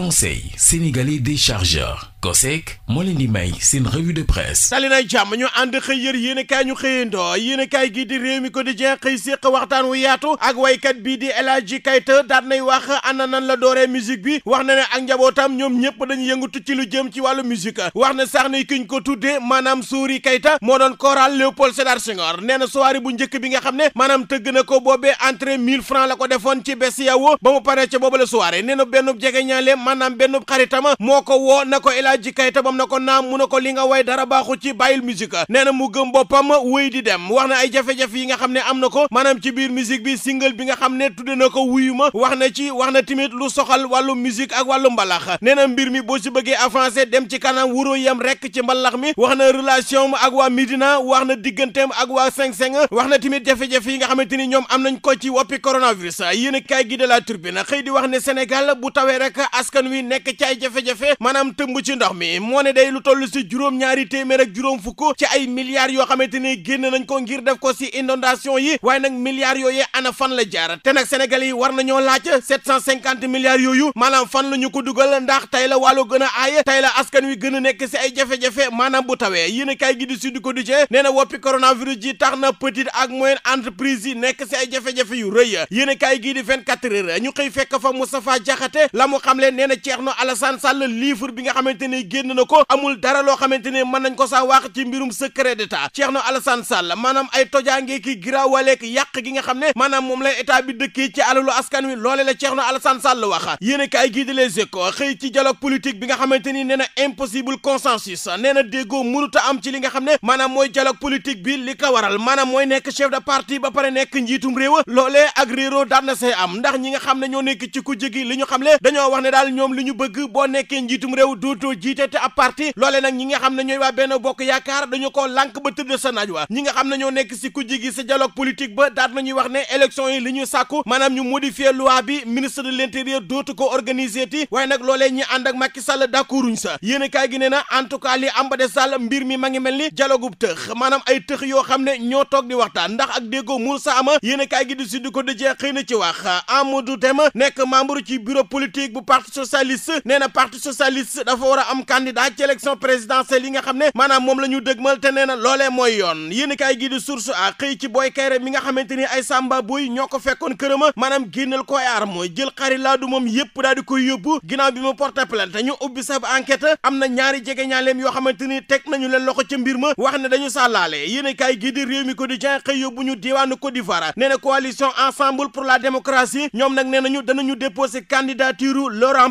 conseil sénégalais des chargeurs COSEC moo leen di may seen revue de presse sali nay jàmm ñu ànd xëy yër yéen i kaay ñu xëyandoo yéen i kaay gi di réew mi quotidien xëy séq waxtaan wu yaatu ak waykat bii di El Hadji Kayta daan nay wax na nan la dooree musique bi wax na ne ak njabootam ñoom ñëpp dañu yëngatu ci lu jëm ci wàllu musique wax na sax ne kiñ ko tuddee maanaam Souri Kayta moo doon choral Léopold Sédar Senghor nee na soirée bu njëkk bi nga xam ne maanaam tëgg na ko boobee entrée la ko defoon ci bes yawo ba maanaam benn xaritama moo ko woo na ko El Hadji Kayta bam na ko naam mu na ko li nga way dara baaxu ci bàyyil musique nee na mu gëm boppam wéy di dem wax na ay jafe-jafe yi nga xam ne am na ko maanaam ci biir musique bi single bi nga xam ne tudde na ko wuyu ma wax na ci wax na tamit lu soxal wallu musique ak wàllu mbalax nee na mbir mi boo ci bëggee avancé dem ci kanam wuroo yam rek ci mbalax mi wax na relation ak waa Midina wax na digganteem ak waa seng-seng wax na tamit jafe yi nga xamante ni ñoom am nañ ko ci woppi coronavirus yéen a kaay gi de la turbine xëy di wax ne Sénégal bu tawee rek askan wi nekk ci ay jafe-jafe maanaam tëmb ci ndox mi moo ne day lu toll si juróom-ñaari téeméer ak fukk ci ay milliards yoo xamante ni génn nañ ko ngir def ko si inondation yi waaye nag milliards yooyee ana fan la jaar te nag Sénégal yi war nañoo laaj 750 milliards yooyu maanaam fan la ñu ko dugal ndax tey la wàllu gën a aay tey la askan wi gën a nekk si ay jafe-jafe maanaam bu tawee yéen a kaay gi di Sud Quotidien nee na woppi coronavirus ji tax na petite ak moyenne entreprise yi nekk si a gii di ñu xëy fekk fa Moustapha Diakhaté la mu xamle nee na Thierno Alassane Sall livre bi nga xamante ne génn na ko amul dara loo xamante ne mën nañ ko sax wax ci mbirum secret d'état Thierno Alassane Sall maanaam ay tojaangee ki giraawaleek yàq gi nga xam ne maanaam moom la état bi dëkkee ci alalu askan wi loole la Thierno Alassane Sall wax yéen a kaay gii di Les Échos xëy ci dialogue politique bi nga xamante ni nee na impossible consensus nee na déggoo mënuta am ci li nga xam ne maanaam mooy dialogue politique bi li ko waral maanaam mooy nekk chef de parti ba pare nekk njiitum réew loolee ak réeroo daan na see am nga xam ne ñoo nekk ci ku jëgi li xam le dañoo ne daal Sénégal ñoom li ñu bëgg boo nekkee njiitum réew dootoo jiite te ab parti loole nag ñi nga xam ne ñooy waa benn bokk yaakaar dañu ko lànk ba tëdd sa naaj wa ñi nga xam ne ñoo nekk si ku jigi sa dialogue politique ba daat nañuy wax ne élection yi li ñu sàkku maanaam ñu modifier loi bi ministre de l'intérieur dootu ko organiser ti waaye nag loolee ñi ànd ak Macky Sall d'accorduñ sa yéen kaay gi nee na en tout cas li amba de Sall mbir mi ma ngi mel ni dialogue tëx maanaam ay tëx yoo xam ne ñoo toog di waxtaan ndax ak déggoo Moussa ama yéen kaay gi di suddu ko dëjee xëy na ci wax Amadou Deme nekk membre ci bureau politique bu parti socialiste nee na parti socialiste dafa war a am candidat ci élection présidentielle yi nga xam ne maanaam moom la ñu dëgmal te nee na mooy yoon yéen kaay gii di a xëy ci Boy Kayre mi nga xamante ni ay sàmba ñoo ko fekkoon kërëma maanaam génnal ko ay arme jël xari laa du moom yëpp daal koy yóbbu ginnaaw bi mu porté plainte ñu ubbi sab enquête am na ñaari jege ñaaleem yoo xamante ni teg nañu leen loxo ca mbir ma wax ne dañu sàllaale yéen di réew mi quotidien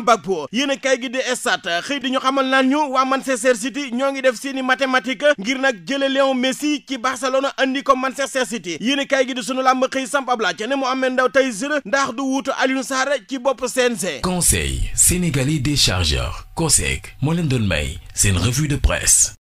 Laurent Gbagbo yéen a kaay gi di Stades xëy di ñu xamal naan ñu waa Manchester City ñoo ngi def seeni mathématique ngir nag jële Léon Messi ci Barcelona andi ko Manchester City yéen a kaay gi di sunu làmb xëy samp ab laaj ne Mohamed Ndao Tyson ndax du wuutu Alioune Sarr ci bopp CNG. Conseil sénégalais des chargeurs COSEC moo leen doon may seen revue de presse.